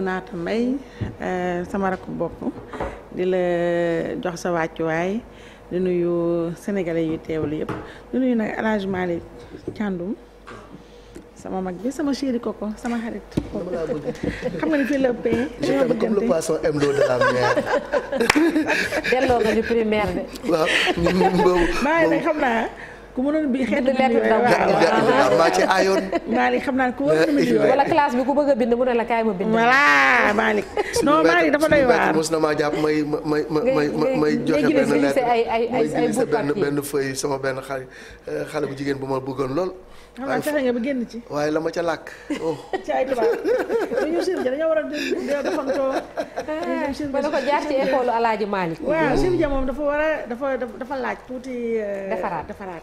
Naata Mbaye euh, sama rakk bopp di la jox sa wàccuwaay di nuyu sénégalais yu teewlu yëpp di nuyu nag El Hadj Malick sama mag bi sama chéri koko sama xarit. xam nga ni fii la ëppee. delloo nga primaire de. waaw ñun boobu. xam naa. ku mënoon bi xeetu bind waaw maa ci ayoon. Malick xam naa ku mënoon bind yooyu. bi ku bëgg a bind mu ne la kaay ma bind. voilà Malick. non Malick na maa jàpp may may may may joxe benn lettre ay ay ay ay sama benn xale xale bu jigéen bu ma bëggoon lool. waaye fexe nga ci. waaye la ca làkk. ci ay tubaab ba ñu Sirou a defantoo. ba dafa jaar ci école Alaaji Malick. waaw Sirou Dia moom dafa war a eh, dafa dafa laaj tuuti. Eh, defaraat defaraat.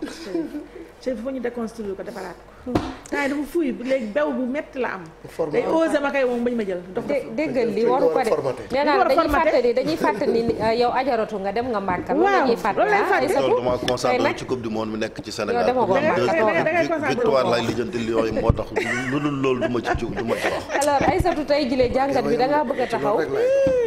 Chérif il faut ñu déconstruire ko defaraat ko temps dafa fuuy léegi bew bu métti la am. day osé ma kay moom bañ ma jël. dox déggal li waru ko de. nee naa dañuy fàttali dañuy fàttali euh, yow ajaratu nga dem nga màkka. waaw loolu lay fàttali loolu ah, dama concentré ci coupe du monde mi nekk ci Sénégal. yow demoo ba victoire lay lijjanti Lions yi moo tax lu dul loolu ma ci du ma ci wax. alors tey jile jàngat bi da ngaa bëgg a taxaw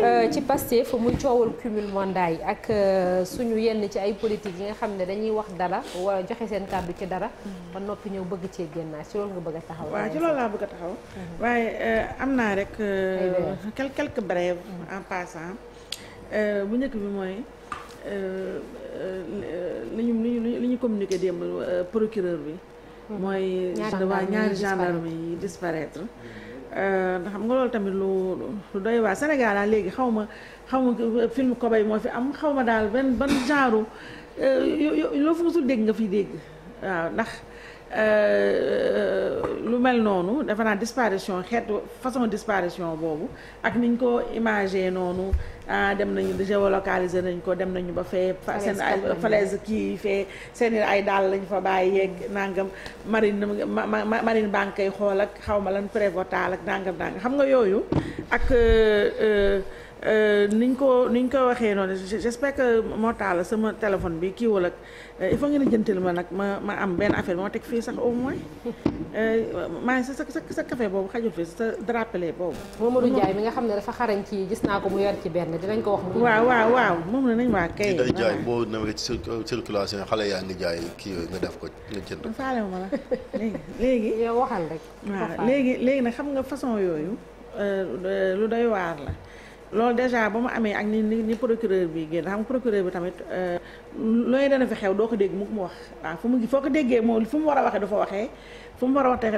euh, ci Pastef muy coowal cumul mandat yi ak euh, suñu yenn ci ay politique yi nga xam ne dañuy wax dara wala joxe seen kàddu ci dara ba noppi ñëw bëgg ci génnaat ci loolu nga bëgg a taxaw. waaw ci loolu laa taxaw. Uh-huh. waaye eh, am naa rek. Eh, quelques quelques brèves uh-huh. en passant eh, bu njëkk bi mooy li ñu li ñu communiqué démb procureur bi. Uh-huh. mooy waa ñaari gendarme yi disparaître ndax xam nga loolu tamit lu lu doy waa Sénégal daal léegi xaw ma xaw ma film Kobay moo fi am xaw ma daal benn ban genre loo fu musul dégg nga fi dégg waaw ndax Euh, lu mel noonu defa naa disparition xeetu façon disparition boobu ak niñ ko imagé noonu ah, dem nañu géolocaliser nañ ko dem nañu ba fee seen falaise kii fee seen ay daal lañ fa bàyyi yeeg nangam marine marine banque yi xool ak xawma lañ lan prévotal ak nangam nangam xam nga yooyu ak euh, euh, Euh, niñ ko niñ ko waxee noonu j'espère que moo taal sama téléphone bi kii wala euh, il faut ngeen a ma nag ma ma am benn affaire moo teg fii sax au moins euh, maa ngi sa sa sa café boobu xajul fii sa drapelé boobu. Mamadou Ndiaye bi nga xam ne dafa xarañ ci gis naa ko mu yor ci benn dinañ ko wax. waaw waaw waaw moom la nañ waa kay. day jaay boo nawee ci circulation xale yaa ngi jaay kii yooyu nga def ko nga jënd. faale ma la léegi léegi. yow waxal léegi léegi nag xam nga façon yooyu lu day waar la. loolu déjà ba mu amee ak ni ni procureur bi génn xam procureur bi tamit euh, looy dena fi xew doo ko dégg mu mu wax waaw fu mu ngi foo ko déggee moom fu mu war a waxee du fa waxee fu mu war a waxee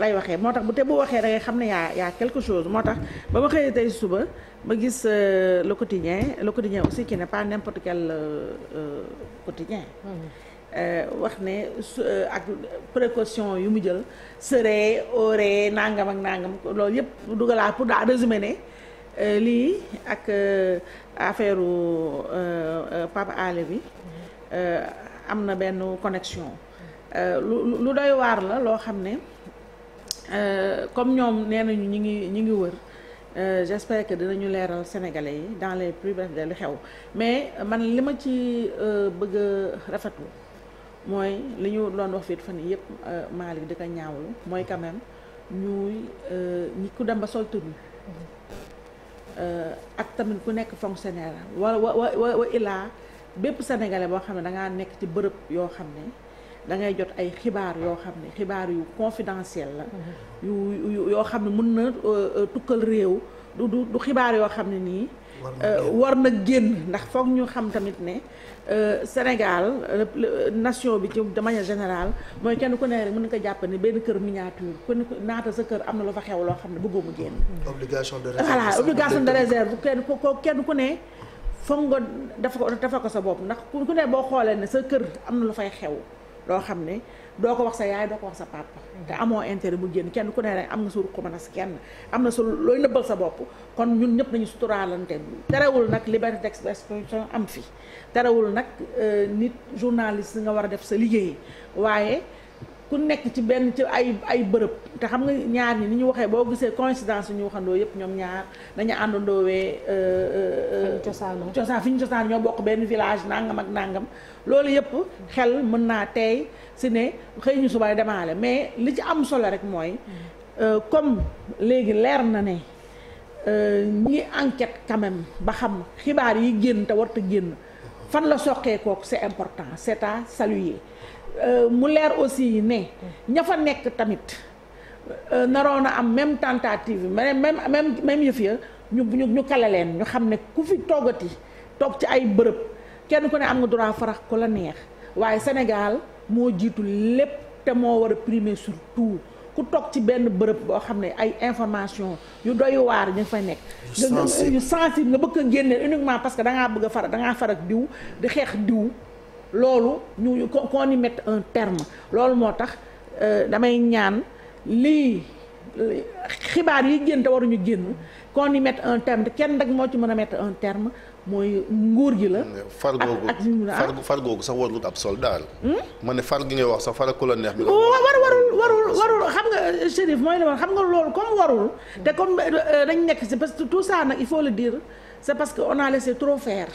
lay waxee moo tax bu te bu waxee da ngay xam ne yaa yaa quelque chose moo tax ba ma xëyee tey suba ma gis euh, le quotidien le quotidien aussi qui n'est pas n'importe quel euh, quotidien hmm. wax ne ak précaution yu mu jël seree ooree nangam ak nangam loolu yëpp dugalaa pour daa résumer ne Euh, lii ak euh, affaire euh, Pape Alé bi am na benn connexion lu lu waar la loo xam ne comme ñoom nee nañu ñi ngi ñi ngi wër Euh, j'espère que dinañu leeral sénégalais yi dans les plus de délais xew mais man li ma ci bëgg a rafetlu mooy li ñu doon wax fii ni yëpp Malick di ko ñaawlu mooy quand ñuy ku dem ba sol tenue Euh, ak tamit ku nekk fonctionnaire wala wa wa wa ilaa bépp sénégalais boo xam ne da ngaa nekk ci bërëb yoo xam ne da ngay jot ay xibaar yoo xam ne xibaar yu confidentiel la. Mm-hmm. yu yoo xam ne mën na euh, euh, tukkal réew du du du xibaar yoo xam ne nii. Euh, war na génn ndax foog ñu xam tamit ne euh, Sénégal nation bi ci de manière général mooy kenn ku ne rek mën na ko jàpp ne benn kër miniature ku ne naata sa kër am na lu fa xew loo xam ne bëggoo génn. obligation de réserve voilà obligation de réserve kenn ku ko kenn ku ne. foog nga dafa ko dafa ko sa bopp ndax ku ne boo xoolee ne sa kër am na lu fay xew loo xam ne. doo ko wax sa yaay doo ko wax sa papa te amoo intérêt bu génn kenn ku ne rek am nga sa ruq mën kenn am na su looy nëbbal sa bopp kon ñun ñëpp nañu suturaalante terewul nag liberté d'expression am fi terewul nag euh, nit journaliste nga war a def sa liggéey waaye ku nekk ci benn ci ay ay bërëb te xam nga ñaar ñi ni ñu waxee boo gisee coïncidence ñu waxandoo yëpp ñoom ñaar dañu àndandoowee euh, euh, cosaanoo cosaan fi ñu cosaan ñoo bokk benn village nangam ak nangam loolu yëpp xel mën naa teey si ne xëy ñu suba demaale mais li ci am solo rek mooy euh, comme léegi leer na ne ñi enquête quand même ba xam xibaar yi génn te warta génn fan la soqee kooku c'est important c'est à saluer Euh, mu leer aussi ne ña fa nekk tamit euh, naroon a am même tentative même même même yëf ya ñu ñu ñu kale leen ñu xam ne ku fi toogati toog ci ay bërëb kenn ku ne am nga droit farax ko la neex waaye Sénégal moo jiitu lépp te moo war a primer surtout ku toog ci benn bërëb boo xam ne ay information yu doy waar ñu fa nekk. yu sensible nga bëgg a génne uniquement parce que da ngaa bëgg a far da ngaa far diw di xeex diw. loolu ñu qu'on y mette un terme loolu moo tax euh, damay ñaan lii xibaar yi génn te waruñu génn kon y mette un terme te kenn nag moo ci mën a mettre un terme mooy nguur gi la. far googu ah. far far googu sax warul ab soldat la. Hmm? ma ne far gi ngay wax sax fara ku la neex. bi war warul warul warul xam nga Chérif mooy la woon xam nga loolu comme warul. te comme euh, dañ nekk si parce que tout ça nag il faut le dire c'est parce que on a laissé trop faire.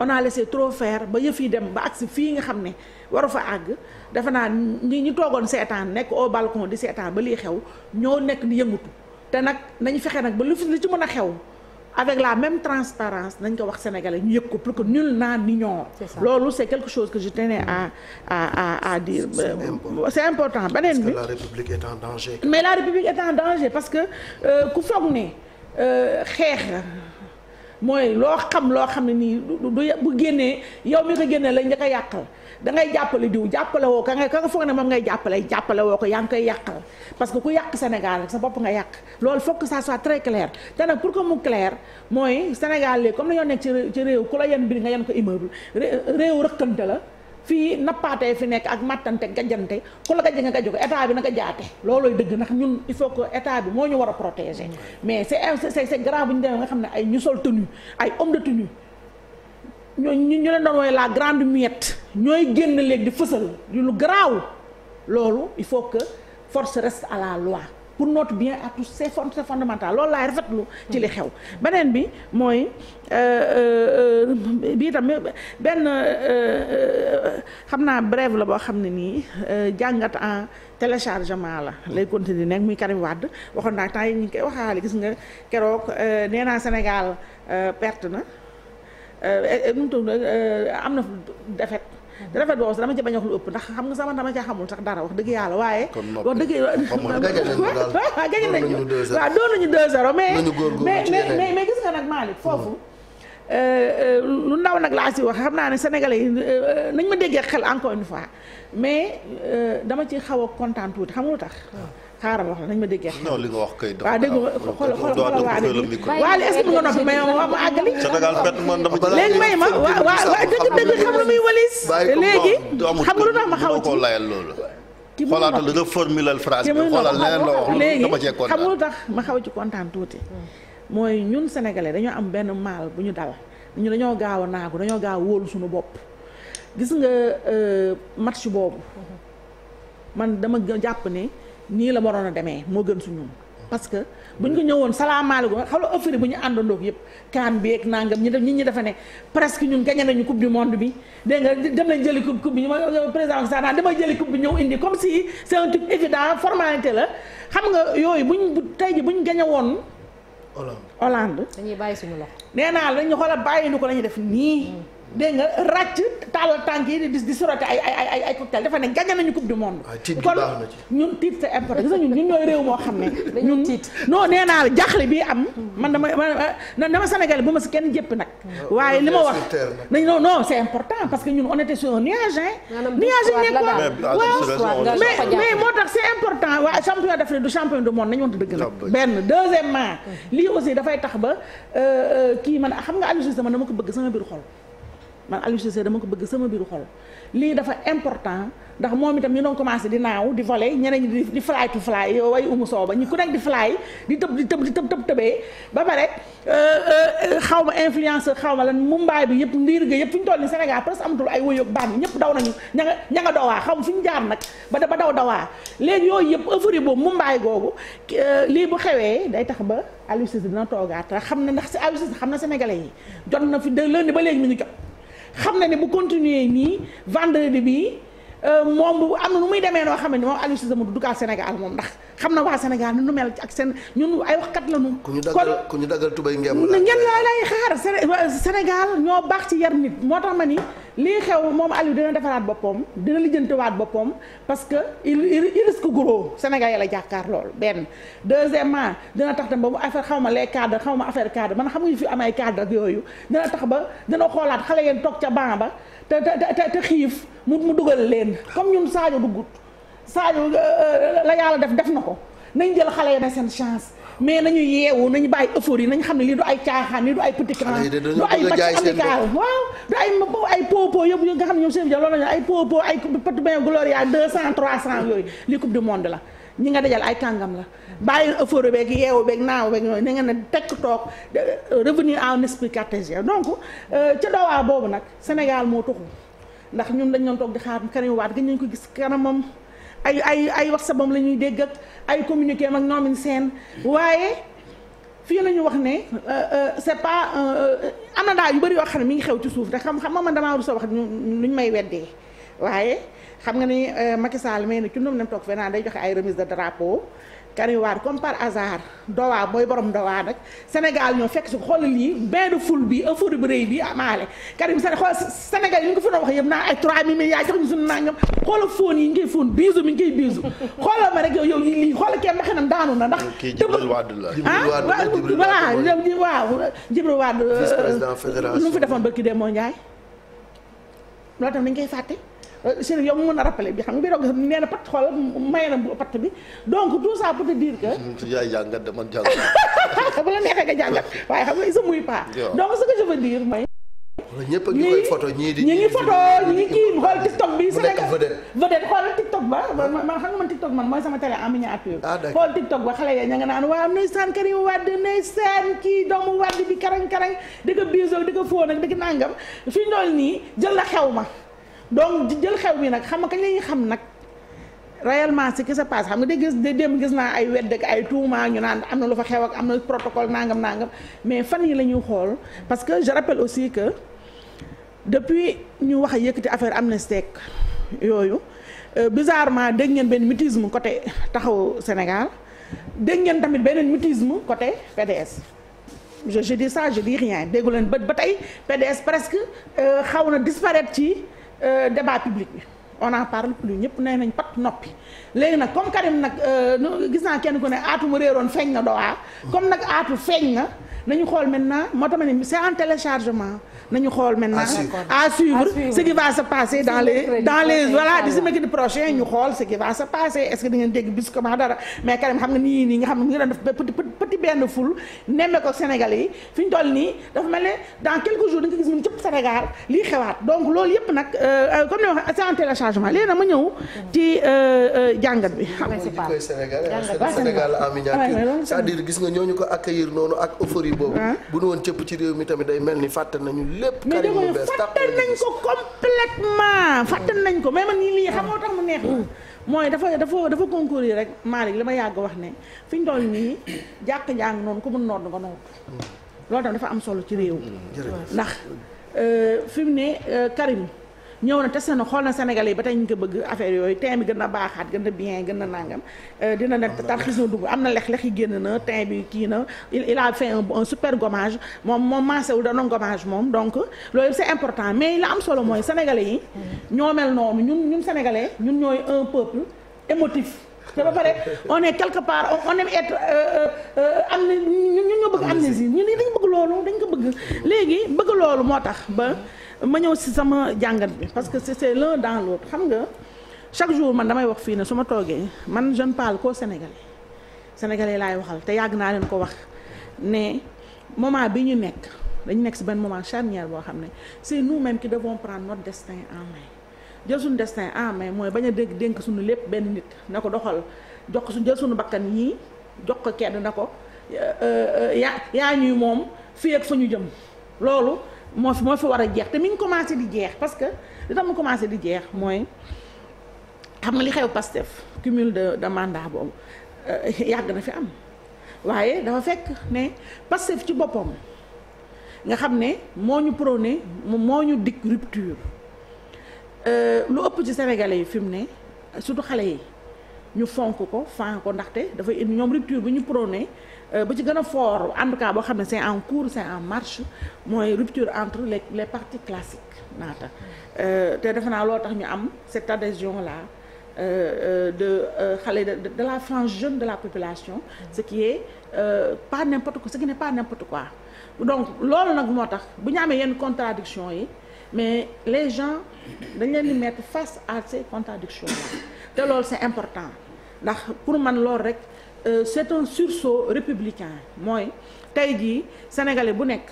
on a laissé trop faire ba yëf yi dem ba agsi fii nga xam ne waru fa àgg dafa naa ñi ñu toogoon seetaan nekk au balcon di seetaan ba lii xew ñoo nekk di yëngutu te nag nañu fexe nag ba lu fi li ci mën a xew avec la même transparence nañ ko wax sénégalais ñu yëg ko pour que nul n'en ignore loolu c'est quelque chose que je tenais à à à à dire c'est euh, important beneen bi la république mais la république est danger parce que euh, ku foog ne euh, xeex mooy loo xam loo xam ne nii du bu génnee yow mi ko génnee lañ njëkk a yàq dangay jàppale diw jàppale woo ka nga ka nga foog ne moom ngay jàppale jàppale woo ko yaa ngi koy yàqal parce que ku yàq Sénégal sa bopp nga yàq loolu faut que ça soit très clair te nag pour que mu clair mooy Sénégal léegi comme dañoo nekk ci ci réew ku la yen mbir nga yen ko immeuble réew rëkkante la fii nappaatee fi nekk ak màttante gajante ku la gaje nga gaje ko état bi naka jaate loolooy dëgg ndax ñun il faut que état bi moo ñu war a protéger mais c'est c'est c'est grave ñu demee nga xam ne ay ñu sol tenue ay homme de tenue ñooñu ñu leen doon wooye la grande muette ñooy génn léegi di fësal lu garaaw loolu il faut que force reste à la loi pour notre bien à tous c'est lool loolu laay rafetlu ci li xew beneen bi mooy euh, euh, bi tamit benn euh, xam naa brève la boo xam ne nii jàngat en téléchargement la lay continuer nekk muy Karim Wade waxoon naa temps yi ñu ngi koy waxaale gis nga keroog nee naa Sénégal perte na nu am na defet rafet boobu sax dama ci bañ wax lu ëpp ndax xam nga sama dama caa xamul tax dara wax dëgg yàlla waaye wax dëgg waaw gañe nañ ñu waaw doon nañu deux zéro mais mais mais gis nga nag Malick hmm. foofu euh, euh, lu ndaw nag laa si wax xam naa ne sénégalais yi euh, nañ ma déggee xel encore une fois mais dama ci xaw a kontaan tuuti xam nga lu tax ah. xaaral ma wax la nañ ma déggee. non li wax kay. waaw dégg nga xool xool xoolal waale bi waale est-ce que nga dëgg dëgg lu ma xaw ci ci mu xoolaatal da nga formulal phrase bi xoolal leneen la wax lu dama cee kontaan tax ma xaw ci kontaan tuuti. mooy ñun sénégalais dañoo am benn maal bu ñu dal ñu dañoo gaaw a naagu dañoo gaaw a wóolu suñu bopp gis nga euh, match boobu man dama jàpp ni nii la waroon a demee moo gën su ñun parce que buñ ko ñëwoon salaamaaleykum xam nga offre bu ñu àndandoog yëpp kaan bi ak nangam ñi def ñi ñi dafa ne presque ñun gañe nañu coupe du monde bi dégg nga dem nañ jëli coupe coupe bi président Sall naan damay jëli coupe bi ñëw indi comme si c'est un truc évident la xam nga yooyu buñ bu tey ji buñ gañe woon Hollande Hollande dañuy bàyyi suñu loxo nee naa la ñu xoolal bàyyi nu ko lañu def nii dégg nga ràcc tàllal tànk yi di dis di sorote ay ay ay cocktail dafa ne gagné nañu coupe du monde. kon ñun tiit c'est important gis nga ñun ñun ñooy réew moo xam ne. dañoo tiit non nee naa la jaaxle bii am. man dama dama Sénégal bu ma si kenn jëpp nag. Ah, waaye li ma wax nañ non non c'est important parce que ñun on était sur un nuage hein. nuage yi nekkoon waaw mais mais moo tax c'est important waaye champion d'Afrique du champion du monde nañu wante dëgg nag. benn deuxièmement lii aussi dafay tax ba euh, euh, kii man xam nga Aliou Cissé man dama ko bëgg sama biir xol. man Aliou Cissé dama ko bëgg sama biiru xol lii dafa important ndax moom itam ñu doon commencé di naaw di voler ñeneen ñi di fly to fly yow way umu sooba ñi ku nekk di fly di tëb di tëb di tëb tëb tëbee ba pare euh, euh, euh, xaw ma influenceur xaw ma lan mumbaay bi yëpp ndiir ga yëpp fi ñu toll ni Sénégal am amatul ay woyoog bànn ñëpp daw nañu ña nga ña nga xaw ma fi ñu jaar nag ba daw dawaa léegi yooyu yëpp ëffari boobu mumbaay googu lii bu xewee day tax ba Aliou Cissé dina toogaat xam na ndax si Aliou Cissé xam na sénégalais yi jot na fi de ba léegi mi ngi jot xam na ne bu continuer nii vendredi bi Euh, moom am na lu muy demee noo xam ne moom Aliou Cissé mu ak Sénégal moom ndax xam na waa Sénégal nu mel ak seen ñun ay waxkat la ñu. kon ku ñu daggal tubay ngeen la lay xaar Sénégal ñoo baax ci yar nit moo tax ma ni lii xew moom Aliou dina defaraat boppam dina lijjantiwaat boppam parce que il il risque gros Sénégal yi la jàkkaar loolu benn. deuxièmement dina tax tam ba mu affaire xaw ma les cadres xaw ma affaire cadre man xam nga fi am ay cadre ak yooyu dina tax ba dina xoolaat xale yeen toog ca banc ba. te te te xiif mu mu dugal leen comme ñun Sadio duggut Sadio euh, euh, la yàlla def def na ko nañ jël xale yi na seen chance mais nañu yeewu nañu bàyyi effort yi nañu xam ne lii du ay caaxaan lii du ay petit camp du ay match amical waaw du ay ay popo yëpp nga xam ne ñoom seen bi loolu la ñu ay popo ay petit gloria deux cent trois cent yooyu lii coupe du monde la ñi nga dajal ay kàngam la bàyyi ëffëru beeg yeewu beeg naaw beeg ñooyu na ngeen ne toog euh, revenu en esprit cartésien donc euh, ca doowaa boobu nag Sénégal moo tuxu ndax ñun dañ doon toog di xaar Karim waat gën ñu ko gis kanamam ay ay ay wax sabam la ñuy dégg ak ay communiqué ak ñoomin seen waaye fii la ñu wax ne euh, c'est pas am na daal yu bëri yoo xam ne mi ngi xew ci suuf te xam xam ma man damaa rus wax ñu ñu may weddee waaye xam nga ni euh, Macky Sall mel ni cundum nem toog fee naan day joxe ay remise de drapeau Karim Wade comme par hasard dowaa mooy borom dowaa nag Sénégal ñoo fekk si xool lii benn ful bi affaire bu rëy bi amaale ah, Karim Sane xool Sénégal yi ñu ko fa doon wax yëpp biisu mi ngi koy biisu xoolal ma rek yow yow lii xoolal kenn xanam daanu na ndax. kii Djibril Wade la ah voilà waaw Djibril Wade. vice président euh, fédération lu mu fi defoon barki moo Ndiaye. loo tam nañ koy fàtte. Chérif euh, yow mu mën a rappelé bi xam nga bii doog nee na patt xoolal may na patt bi donc tout ça pour te dire que. yaay jàngat de bu la neexee nga jàngat waaye xam nga il se mouille donc ce que je veux dire mooy. ñëpp ngi koy photo ñii di ñi ngi photo ñi ngi kii xool TikTok bi Sénégal vedette xool TikTok ba man xam nga man TikTok man mooy sama télé en miniature ah, xool TikTok ba xale ya ña nga naan waaw ndeysaan Karim Wade ndeysaan kii doomu Wade bi karang-karang di ko biisoo fóon ak di ma donc jël xew bi nag xam nga kañ la xam nag réellement ce qui se passe xam nga de gis démb gis naa ay wedd ak ay tuuma ñu naan am na lu fa xew ak am na protocole nangam nangam mais fan yi la ñuy xool parce que je rappelle aussi que depuis ñu wax a yëkkati affaire Amnesty yooyu euh, bizarrement dégg ngeen benn mutisme côté taxaw Sénégal dégg ngeen tamit beneen mutisme côté PDS. je je dis ça je dis rien déggu leen ba ba tey PDS presque euh, xaw na disparaître ci. Euh, débat public bi on en parle plus ñëpp nee nañ pat noppi léegi nag comme Karim nag euh, gis naa kenn ku ne aatuma mu réeroon feeñ na doo comme nag aatu feeñ na nañu xool maintenant moo tax ma ne c'est en téléchargement nañu xool maintenant à suivre ce qui va se passer dans les dans les voilà d'ici mercredi prochain ñu xool ce qui va est-ce que di dégg bis comment dara mais Karim xam nga nii nii nga xam ne mu ngi doon def petit benn foule nemme ko Sénégalais yi fi ñu nii dafa mel ne dans quelques jours da gis ñun cëpp Sénégal lii xewaat donc loolu yëpp nag euh, euh, comme ni ma waxee c'est ma ñëw ci euh, jàngat bi. Sénégal en miniature ah cest nga ñooñu ko accueillir noonu ak euphorie boobu ah. bu lépp. mais dama ne fàttal nañ ko complètement fàttal nañ ko may man lii xam nga tax mu neex mooy dafa dafa dafa concourir rek Malick li ma yàgg wax ne fi ñu toll nii jàkk jàng noonu ku mun noot nga noot loolu tam dafa am solo ci réew. Mm. Mm. ndax euh, fi mu ne euh, Karim. ñëw na testé na xool na Sénégalais yi ba tey ñu ko bëgg affaire yooyu teint bi gën a baaxaat gën a bien gën a nangam euh, dina ne tarxis na dugg am na lex-lex yi génn na teint bi kii na il a fait un super gommage moom moom maasewul danoon gommage moom donc loolu yëpp c'est important mais la am solo mooy sénégalais yi ñoo mel noonu ñun ñun sénégalais ñun ñooy un peuple émotif te ba pare on est quelque part on aime être euh, euh, euh, am na ñu ñu bëgg amnésie ñu ne bëgg loolu dañ ko bëgg léegi bëgg loolu moo tax ba ma ñëw si sama jàngat bi parce que c'est l'un dans l'autre xam nga chaque jour man damay wax fii ne su ma toogee man jeune ne parle qu'aux Sénégalais Sénégalais laay waxal te yàgg naa leen ko wax ne moment bi ñu nekk dañu nekk si benn moment charnière boo xam ne c'est nous-mêmes qui devons prendre notre destin en main jël suñu destin en main mooy bañ a dégg dénk suñu lépp benn nit na ko doxal jox ko suñu jël suñu bakkan yii jox ko kenn na ko yaa yaa ñuy moom fii ak fa ñu jëm loolu moo fi moo fi war a jeex te mi ngi commencé di jeex parce que li tax mu commencé di jeex mooy xam nga li xew Pastef cumul de de mandat boobu euh, yàgg na fi am waaye dafa fekk ne Pastef ci boppam nga xam ne moo ñu prôné moo ñu dikk rupture Euh, lu ëpp ci sénégalais yi fi mu ne surtout xale yi ñu fonk ko fan ko ndaxte dafay indi ñoom rupture bi ñu prôné euh, ba ci gën a fort en tout cas boo xam ne c'est en cours c'est en marche mooy rupture entre les les partis classiques naata euh, te defe naa loo tax ñu am cette adhésion là de xale de, de, de la frange jeune de la population ce qui est euh, pas n'importe quoi ce qui n'est pas n'importe quoi donc loolu nag moo tax bu ñu amee yenn contradiction yi mais les gens dañ leen di mettre face à ces contradictions là te lool c'est important ndax pour man loolu rek euh, c'est un sursaut républicain mooy tey jii sénégalais bu nekk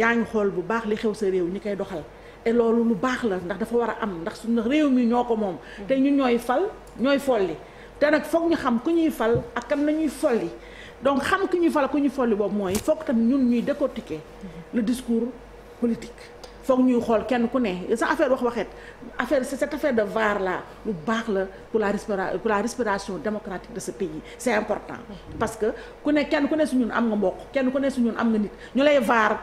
yaa ngi xool bu baax li xew sa réew ñi koy doxal te loolu lu baax la ndax dafa war a am ndax suñu réew mi ñoo ko moom te ñu ñooy fal ñooy folli te nag foog ñu xam ku ñuy fal ak kam na ñuy folli donc xam ki ñuy fal ku ñuy folli boobu mooy foog tamit ñun ñuy décortiquer le discours politique foog ñuy xool kenn ku ne sa affaire wax waxet affaire cette affaire de VAR là lu baax la pour la respira pour la respiration démocratique de sa pays c'est important parce que ku ne kenn ku ne su ñun am nga mbokk kenn ku ne su ñun am nga nit ñu lay VAR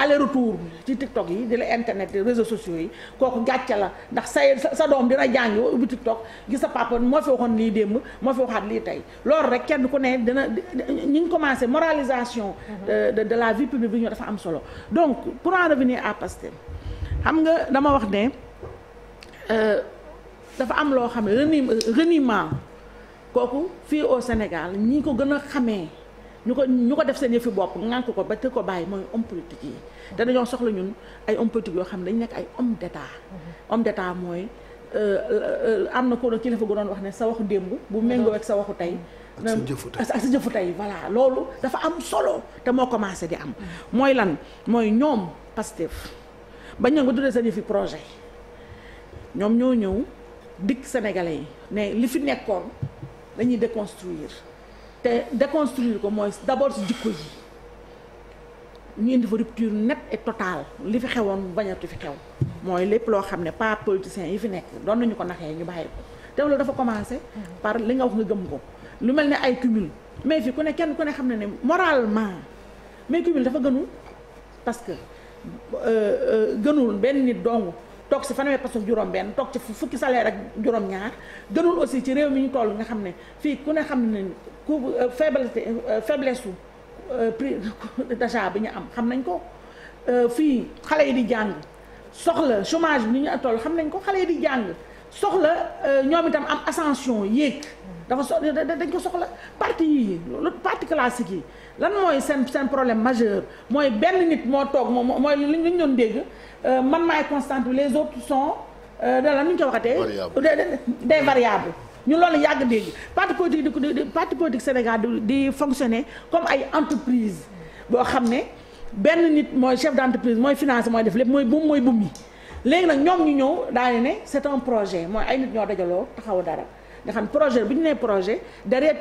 aller retour ci TikTok yi di la internet réseaux sociaux yi kooku gàcce la ndax say sa doom dina jàngi woo ubbi TikTok gis sa papa moo fi waxoon lii démb moo fi waxaat lii tey loolu rek kenn ku ne dina ñu ngi commencé moralisation mhm. de de la vie publique bi ñu dafa am solo donc pour en revenir à Pastef xam nga dama wax ne euh, dafa am loo xam ne reniement kooku fii au Sénégal ñi ko gën a xamee ñu ko ñu ko def seen yëfi bopp ŋànk ko ba te ko bàyyi mooy homme politique yi mm-hmm. te dañoo soxla ñun ay homme politique yoo xam ne dañ nekk ay homme d'état mm-hmm. homme d'état mooy euh, euh, am na ko kilifa gu doon wax ne sa waxu démb bu méngoo ak sa waxu tey ak sa jëfu tey voilà loolu dafa am solo te moo commencé di am mm-hmm. mooy lan mooy ñoom Pastef bañ ñëw nga tuddee seen yëfi projet ñoom ñoo ñëw dikk sénégalais yi ne li fi nekkoon dañuy déconstruire te déconstruire ko mooy d'abord si jikko yi ñu indi fa rupture nette et totale li fi xewoon bañatu fi xew mooy lépp loo xam ne pas politiciens yi fi nekk doon nañu ko naxee ñu bàyyi ko te loolu dafa commencé par li nga wax nga gëm ko lu mel ne ay cumul mais fii ku ne kenn ku ne xam ne ne moralement mais cumul dafa gënul parce que euh, euh, gënul benn nit dong toog si fanweeri pasof juróom-benn toog ci fukki salaire ak juróom-ñaar gënul aussi ci réew mi ñu toll nga xam ne fii ku ne xam ne ku euh, faiblesse euh, faiblesse su euh, prix d'achat bi ñu am xam nañ ko fii xale yi di jàng soxla chômage bi ni ñu toll xam nañ ko xale yi di jàng soxla ñoom itam am ascension yéeg dafa so dañ ko soxla parti yi parti classique yi lan mooy seen seen problème majeur mooy benn nit moo toog moo mooy li ñu doon dégg euh, man maay constante bi les autres sont euh, da la nu ñu ko waxatee. des variables. ñu loolu yàgg dégg parti politique di ko di parti politique Sénégal di fonctionner comme ay entreprise boo xam ne benn nit mooy chef d'entreprise mooy financé mooy def lépp mooy buum mooy buum yi léegi nag ñoom ñu ñëw daane ne c'est un projet mooy ay nit ñoo dajaloo taxaw dara nga xam projet bi ñu nee projet derrière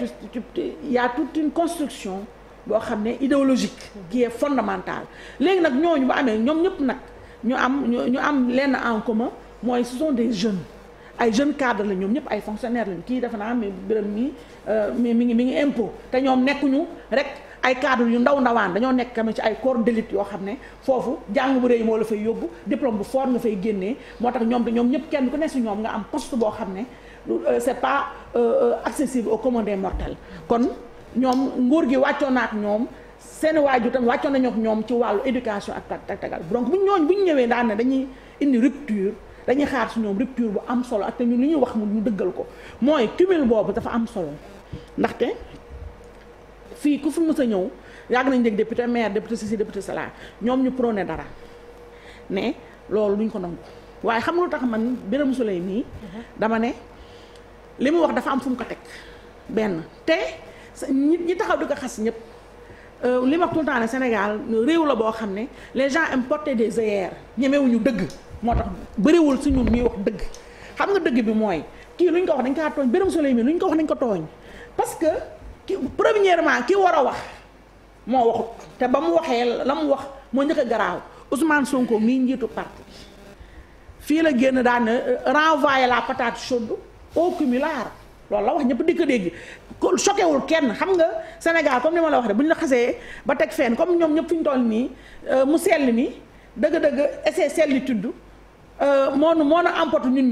il une construction. boo xam ne idéologique qui est fondamental léegi nag ñooñu bu amee ñoom ñëpp nag ñu am ñu am lenn en commun mooy ce sont des jeunes ay jeunes cadre la ñoom ñëpp ay fonctionnaires lañu kii dafa naa mais bërëm mi euh, mi ngi mi ngi impôt te ñoom nekkuñu rek ay cadres yu ndaw ndawaan dañoo nekk tamit ci ay corps d'élite yoo xam ne foofu jàng bu rëy moo la fay yóbbu diplôme bu fort nga fay génnee moo tax ñoom te ñoom ñëpp kenn ku ne si ñoom nga am poste boo xam ne euh, c'est pas euh, accessible au commun des mortels kon ñoom nguur gi wàccoon na ak ñoom seen waajur tam wàccoon nañu ak ñoom ci wàllu éducation ak tak tagal donc bu ñooñ bu ñu ñëwee daan na dañuy indi rupture dañuy xaar si ñoom rupture bu am solo ak te ñun li ñu wax mu ñu dëggal ko mooy cumul boobu dafa am solo ndaxte fii ku fi mës a ñëw yàgg nañ dégg député maire député ceci député cela ñoom ñu prôné dara ne loolu duñ ko nangu waaye xam nga tax man Birame Souleye nii uh-huh. dama ne li mu wax dafa am fu mu ko teg benn te ñi ñi taxaw di ko xas ñëpp euh, li ma wax ne Sénégal réew la boo xam ne les gens aiment porter des œillères ñemewuñu dëgg moo tax bëriwul si ñun ñuy wax dëgg xam nga dëgg bi mooy kii luñ ko wax dañ kaa tooñ Birame Souleye mi luñ ko wax dañ ko tooñ parce que ki premièrement ki war a wax moo waxut te ba mu waxee la mu wax moo njëkk garaaw Ousmane Sonko mii njiitu parti fii la génn daan euh, renvoyer la patate chaude au cumulard loolu la wax ñëpp di ko dégg choqué wul kenn xam nga Sénégal comme ni ma la wax rek bu ñu la xasee ba teg fenn comme ñoom ñëpp fi ñu toll nii euh, mu sell nii dëgg-dëgg essai selli tudd euh, moonu moonu emporte ñun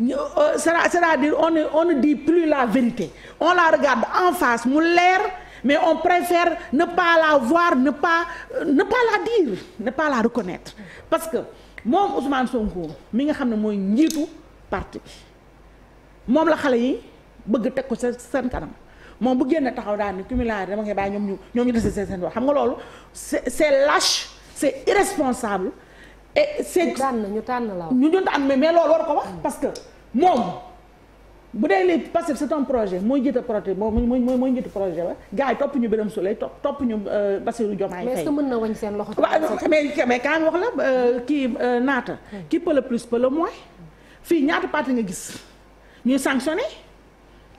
ñëpp euh, c'est-à-dire on on ne dit plus la vérité on la regarde en face mu leer mais on préfère ne pas la voir ne pas ne pas la dire ne la reconnaître parce que moom Ousmane Sonko mi nga xam ne mooy njiitu parti bi moom la xale yi bëgg teg ko seen kanam moom bu génn taxaw daal ni cumulard dama koy bàyyi ñoom ñu ñoom ñu dese seen seen xam nga loolu c'est c'est lâche c'est irresponsable et c'est ñu tànn ñu la ñu ñu tànn mais mais loolu war ko wax parce que moom bu dee lii parce que c'est un projet mooy jiite projet mooy mooy mooy jiite projet ba gars yi topp ñu Birame Souleye topp topp ñu euh, Bassirou Diomaye Faye. mais est-ce na wañ seen loxo. mais mais quand wax la euh, kii euh, naata. Hmm. qui peut le plus peut le moins. fii ñaata parti nga gis ñuy sanctionné.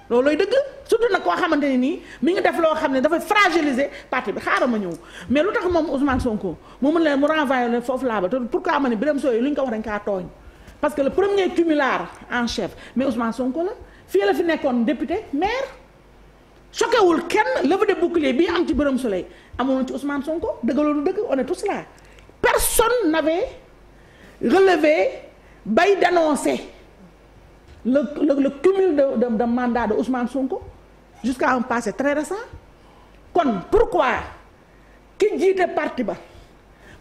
loolooy dëgg surtout nag koo xamante ne nii mi ngi def loo xam ne dafa fragiliser parti bi xaaral ma ñëw mais lu tax moom Ousmane Sonko moo mën leen mu renvoyé leen foofu laa ba te pourquoi ma ne Birame Souleye lu ñu ko wax dañ kaa tooñ parce que le premier cumulard en chef mais Ousmane Sonko la fii la fi nekkoon député maire choqué wul kenn levée de bouclier bii am ci Birame Souleye amoon ci Ousmane Sonko dëgg loolu dëgg on est tous là personne n'avait relevé bay d'annoncer la le le cumul de de de mandat de Ousmane Sonko jusqu'à un passé très récent kon pourquoi ki jiite parti ba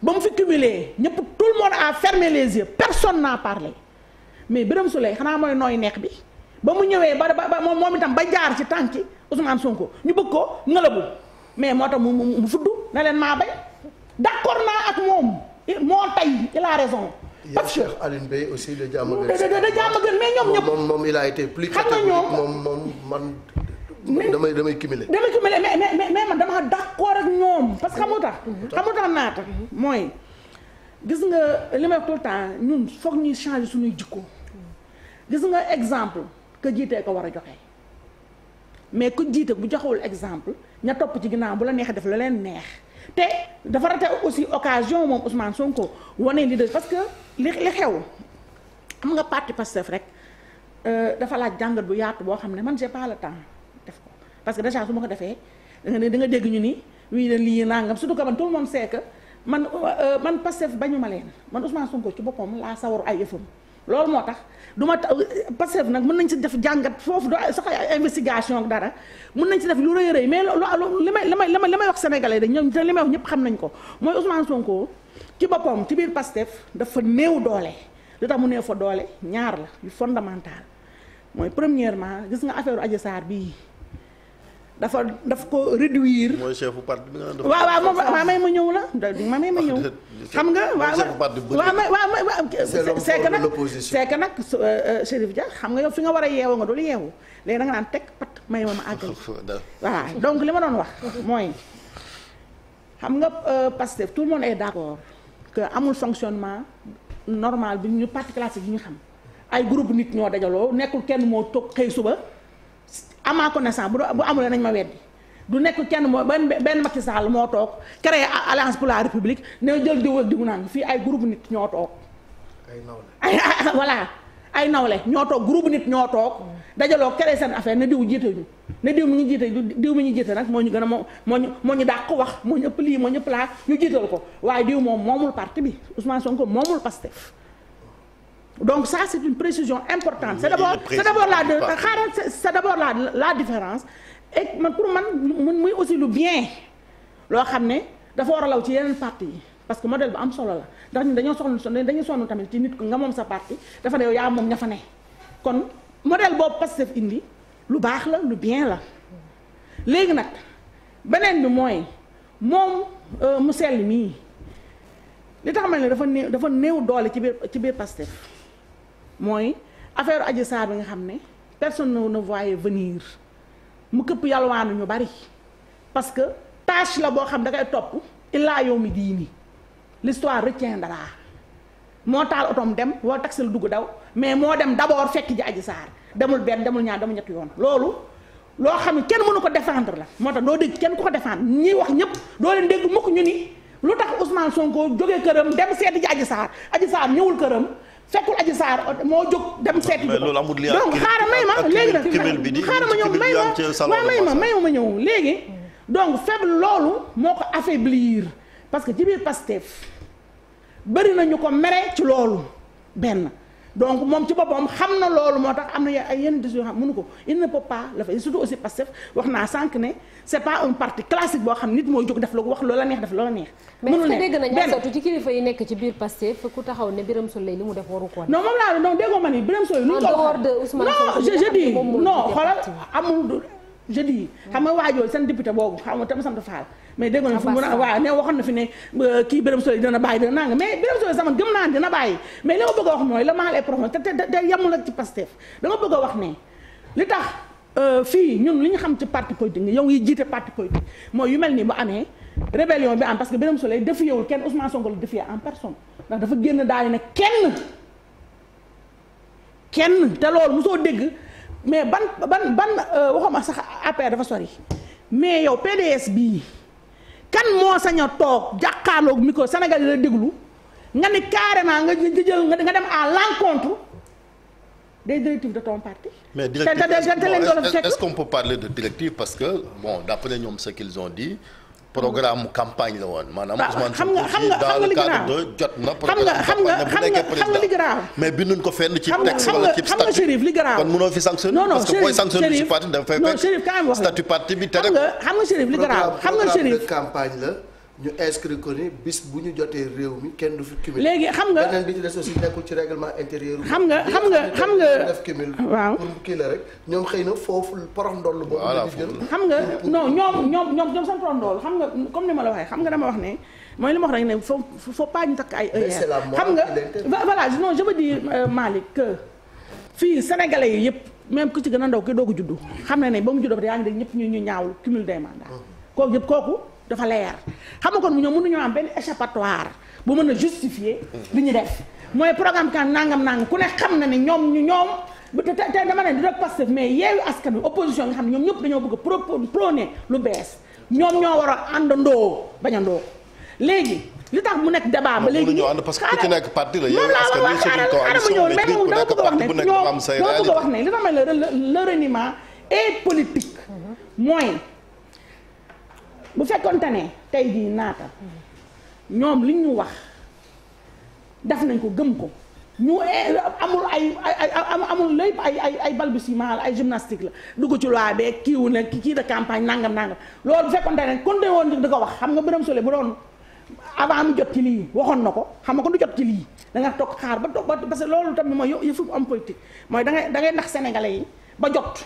ba mu fi cumulé ñëpp tout le monde a fermé les yeux personne n'a parlé mais Birame Souleye xanaa mooy nooy neex bi ba mu ñëwee ba ba moom moom itam ba jaar ci tànki Ousmane Sonko ñu bëgg ko ngelabu mais moo tax mu mu fudd na leen maa bay d'accord naa ak moom moo tey il a raison. y' a Cheikh Aline Bey aussi de Diamaguène. de de moom moom il a été plus catégorique moom moom man. mais damay damay cumulé. damay cumulé mais mais dama d'accord ak parce que xamoo tax. xamoo tax naata mooy gis nga li may tout le temps ñun foog ñuy changer suñuy jikko gis nga exemple ka jiitee ko war a joxe mais ku jiite bu joxewul exemple ña topp ci ginnaaw bu la neexee def la leen neex. te dafa rate aussi occasion moom Ousmane Sonko wane leader parce que li li xew am nga parti Pastef rek euh, dafa laaj jàngat bu yaatu boo xam ne man j'ai pas le temps def ko parce que déjà su ma ko defee da nga ne dégg ñu ni wii leen lii nangam su que man tout le monde sait man euh, man Pastef bañu ma leen man Ousmane Sonko ci boppam laa sawaru ay yëfam loolu moo tax du ma Pastef nag mun nañ si def jàngat foofu do sax ay investigation dara mun nañ si def lu rëy rëy mais li may li may li may wax sénégalais dañ ñoom li may wax ñëpp xam nañ ko mooy Ousmane Sonko ci boppam ci biir Pastef dafa néew doole li tax mu néew fa doole ñaar la yu fondamental mooy premièrement gis nga affaire Adji Sarr bii dafa daf ko réduire. mooy chef parti bi nga doon waaw waaw moom waaw may ma ñëw la ma may ma ñëw. xam nga waaw waaw waaw c'est que nag c'est que nag euh, euh, Chérif Dia xam nga yow fi nga war a yeewoo nga doolu yeewu léegi da naan teg pat may ma ma àggali. donc li ma doon wax mooy xam nga euh, Pastef tout le monde est d'accord que amul fonctionnement normal bi ñu parti classique bi ñu xam ay groupe nit ñoo dajaloo nekkul kenn moo toog xëy suba. amaa connaissance bu bu amulee nañ ma weddi du nekk kenn moo benn benn Macky Sall moo toog créé alliance pour la république ne jël diw ak mu naan fii ay groupe nit ñoo toog. ay nawle ay ay nawle ñoo toog groupe nit ñoo toog. dajaloo créé seen affaire ne diw jiite ñu ne diw mi ñu jiite diw mi ñu jiite nag moo ñu gën a moo moo ñu moo ñu dàq wax moo ñëpp lii moo ñëpp ëpp laa ñu jiital ko waaye diw moom moomul parti bi Ousmane Sonko moomul Pastef donc ça c'est une précision importante c'est d'abord c'est d'abord la xaaral c'est d'abord différence et man pour man muy aussi lu bien loo xam ne dafa war a law ci yeneen parti yi parce que modèle bu am solo la ndax ñun dañoo soxla dañuy sonn tamit ci nit ku nga moom sa parti dafa ne yow yaa moom ña fa ne kon modèle boobu Pastef indi lu baax la lu bien la léegi nag beneen bi mooy moom euh, mu sell mii li tax ma ne dafa néew dafa néew doole ci biir ci biir mooy affaire Adji Sarr bi nga xam ne personne ne voyait venir mu këpp yalwaanu ñu bari parce que tâche la boo xam da ngay topp illaa yow mi diini l'histoire retiendra moo taal otoom dem woo taxi la dugg daw mais moo dem d'abord fekk ji Adji Sarr demul benn demul ñaar demul ñetti yoon loolu loo xam ne kenn mënu ko défendre la moo tax doo dégg kenn ku ko défendre ñi wax ñëpp doo leen dégg mukk ñu ni lu tax Ousmane Sonko jógee këram dem seeti ji Adji Sarr Adji Sarr ñëwul këram. fekkul Adji Sarr moo jóg dem seeti donc xaaral may ma léegi nag xaaral ma ñëw may ma waaw may ma may ma ñëw léegi donc faible loolu moo ko affaiblir parce que ci biir Pastef bëri nañu ko mere ci loolu benn donc moom ci boppam xam na loolu moo tax am na ay yenn décision xam mënu ko il ne peut pas la faire aussi Pastef wax naa sànq ne c'est pas un parti classique boo xam nit mooy jóg def la ko wax loola neex def loola neex. mënul ne mais dégg nañu asatu ci kilifa yi nekk ci biir Pastef ku taxaw ne Birame lu ñu ko wax en je je dis non xoolal je dis xam nga waajooju seen député boobu xam nga tam sant Fall mais dégg na fu mu na waaw ne waxoon na fi ne kii Birame Souleye dina bàyyi dina nanga mais naa dina mais li ma bëgg a a wax li tax euh, fii ñun li ñu xam ci parti politique yow ngi jiite parti politique mooy yu mel nii bu amee rébellion am parce que Birame Souleye defiyewul kenn Ousmane Sonko la defiyee en personne ndax dafa génn daal ne kenn kenn te loolu soo dégg mais ban ban ban euh, waxuma sax APR dafa yi mais yow PDS bii kan moo saña a toog jàkkaarloog micro Sénégal yi la déglu nga ni naa nga jël nga dem à l'encontre des directives de ton parti. mais directive est-ce qu'on peut parler de directive parce que bon d'après ñoom sa qu'ils ont dit. programme campagne la woon maanaam ah, Ousmane xam nga xam nga dans le cadre de jot na programme campagne bu nekkee président mais binduñ ko fenn ci texte wala ci statut Chérif li grave kon mënoo fi sanctionné parce que booy sanctionné ci parti dafa fay fekk statut parti bi tere xam nga Chérif li grave xam nga Chérif campagne la ñu inscrire ko ni bis bu ñu jotee réew mi kenn du fi cumul. léegi xam nga beneen ci des aussi nekkul ci règlement xam nga xam nga xam nga def kii la rek ñoom xëy na foofu porox ndoll boobu. voilà xam nga non ñoom ñoom ñoom ñoom seen porox ndoll xam nga comme ni ma la waxee xam nga dama wax ne mooy li ma wax rek ne faut faut pas ñu takk ay. xam nga voilà non je veux dire euh, fii sénégalais yi yëpp même ku ci gën a ndaw ki doog a juddu xam na ne ba mu juddoo yaa ngi dégg ñëpp ñu ñu ñaawul cumul des mandats mm-hmm. kooku yëpp kooku dafa leer xam nga kon ñoom ñoo am benn échappatoire bu mën a justifier li ñu def mooy programme kan nangam nangam ku ne xam na ne ñoom ñu ñoom te te dama ne du rek Pastef mais yeewu askan wi opposition nga xam ne ñoom ñëpp dañoo bëgg pro prôné lu bees ñoom ñoo war a àndandoo bañ a ndoo léegi li tax mu nekk débat ba léegi ñoo ànd parce que ku ci nekk parti la yow askan wi suñu coalition mais ku nekk parti bu nekk am say réalité dama bëgg a wax ne li tax ma le reniement et politique mooy bu fekkonte ne tey jii naata ñoom li ñu wax def nañ ko gëm ko ñu eh, amul ay ay amul lépp ay ay ay balbutiement la ay gymnastique la dugg ci loi beeg kiiwu ne kii de campagne nangam nangam loolu bu fekkonte ne kon de woon di ko wax xam nga Birame Souleye bu doon avant mu jot ci lii waxoon na ko xam nga ko du jot ci lii danga nga xaar ba to ba parce que loolu tamit mooy yëfu am politique mooy dangay dangay ndax sénégalais yi ba jot.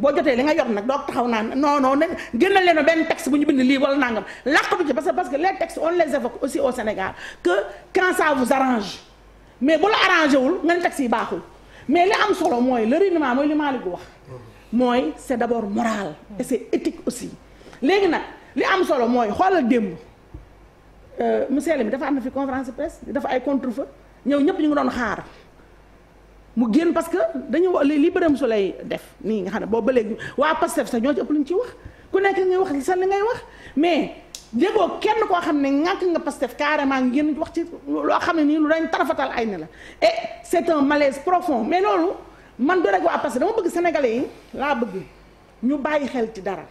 boo jotee li nga yor nag doo taxaw naan noonoo non nag génnal leen benn texte bu ñu bind lii wala nangam làqatu ci parce que parce que les textes on les aussi au Sénégal que quand ça vous mais bu la arrangé wul nga ne texte yi baaxul mais li am solo mooy le règlement mooy li maa Malick wax mooy c'est d'abord moral et c'est aussi léegi nag li am solo mooy xoolal démb euh, monsieur le mi dafa am na fi conférence de presse dafa ay contre-feu ñëw ñëpp ñu ngi doon xaar mu génn parce que dañu li bërëm su lay def nii nga xam ne boobu ba léegi waa Pastef sax ñoo ci ëpp lu ñu ci wax ku nekk ngay wax sax li ngay wax mais déggoo kenn koo xam ne ŋànk nga Pastef carrément ngeen wax loo xam ne nii lu dañ ay na la et un malaise profond mais loolu man do rek waa Pastef dama bëgg sénégalais laa bëgg ñu bàyyi xel ci dara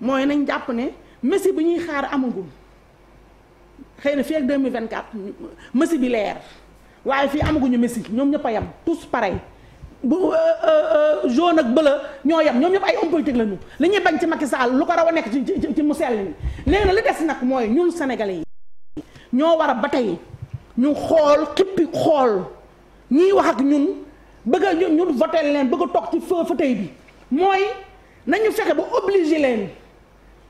mooy nañ jàpp ne messi bi ñuy xaar amagul xëy na fii ak 2024 messi bi leer waaye fii amaguñu Messi ñoom ñëpp a yem tous pare bu euh, euh, euh, jaune ak bleu ñoo yam ñoom ñëpp ay homme politique la li ñuy bañ ci Macky Sall lu ko raw a nekk ci ci ci mu sell ni léegi nag li des nag mooy ñun sénégalais yi ñoo war a ba tey ñu xool xippi xool ñiy wax ak ñun bëgg a ñun voté leen bëgg a toog ci fa fa tey bi mooy nañu fexe ba obligé leen.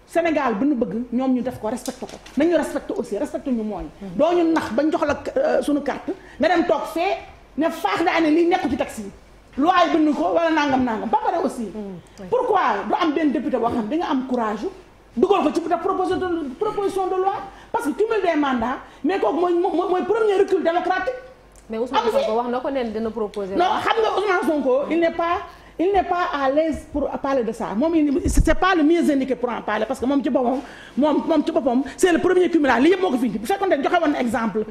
Sénégal bu nu bëgg ñoom ñu def ko respecté ko nañu respecté aussi respecté ñu mooy. doo ñu nax bañ jox la euh, suñu carte nga dem toog fee ne faax daa ne lii nekku ci taxi yi. looy bind ko wala nangam nangam ba pare aussi. Mm, pourquoi du am benn député boo xam nga am courage. dugal ko que cumul des mandats mais kooku mooy démocratique. mais na ko ne dina proposer. non xam nga Ousmane il n'est pas. il n'est pas à l'aise pour parler de ça moom i c'est pas le mieux indiqué pour en parler parce que moom ci boppam moom moom ci boppam c'est le premier cumulant li yëpp moo ko fi indi bu fekkoon ne joxe woon exemple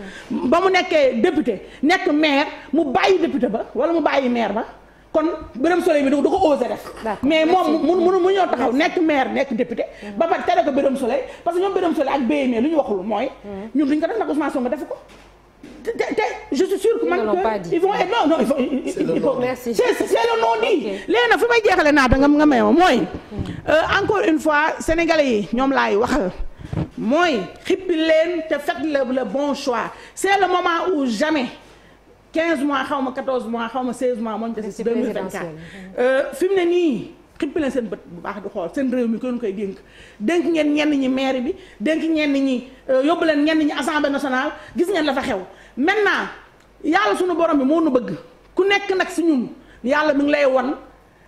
ba mu nekkee député nekk maire mu bàyyi député ba wala mu bàyyi maire ba kon Birame Souleye bi du ko osé def mais moom mu mu ñoo taxaw nekk maire nekk député ba pare tere ko Birame Souleye parce que ñoom Birame Souleye ak BME lu ñu waxul mm. te je suis sûre que man. ils vont être non non il faut. c' est le non-dit c' est le non-dit. léegi nag fi may jeexalee naata nga nga mayoo mooy. Euh, encore une fois sénégalais yi ñoom laay wax mooy xippi leen te faites le le bon choix c' le moment ou jamais 15 mois xaw ma 14 mois xaw ma 16 mois moo ñu si 2024 euh, ne nii. xippi seen bët bu baax di xool seen réew mi ko koy dénk dénk ngeen ñenn ñi maire bi dénk ñenn ñi euh, yóbbu leen ñenn ñi assemblée nationale gis ngeen la fa xew maintenant yàlla suñu borom bi moo nu bëgg ku nekk nag si ñun yàlla mi ngi lay won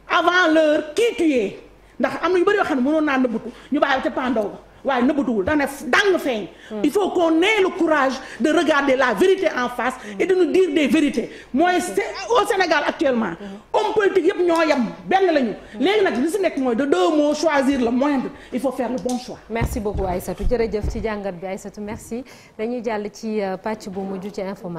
avant l'heure kii yee ndax am na yu bëri yoo xam ne mënoon naa nëbbutu ñu bàyyi ca pandaw ba waaye nëbbatuwul dafa ne dàng feeñ hmm. il faut qu'on ait le courage de regarder la vérité en face hmm. et de dire des vérités mooy hmm. au Sénégal actuellement homme politique yëpp ñoo yem benn lañu léegi nag li su nekk mooy de deux mots choisir le moindre il faut faire le bon choix merci beaucoup Aïssatou jërëjëf ci jàngat bi Aïssatou merci dañuy jàll ci euh, pàcc bu mujj ci Infos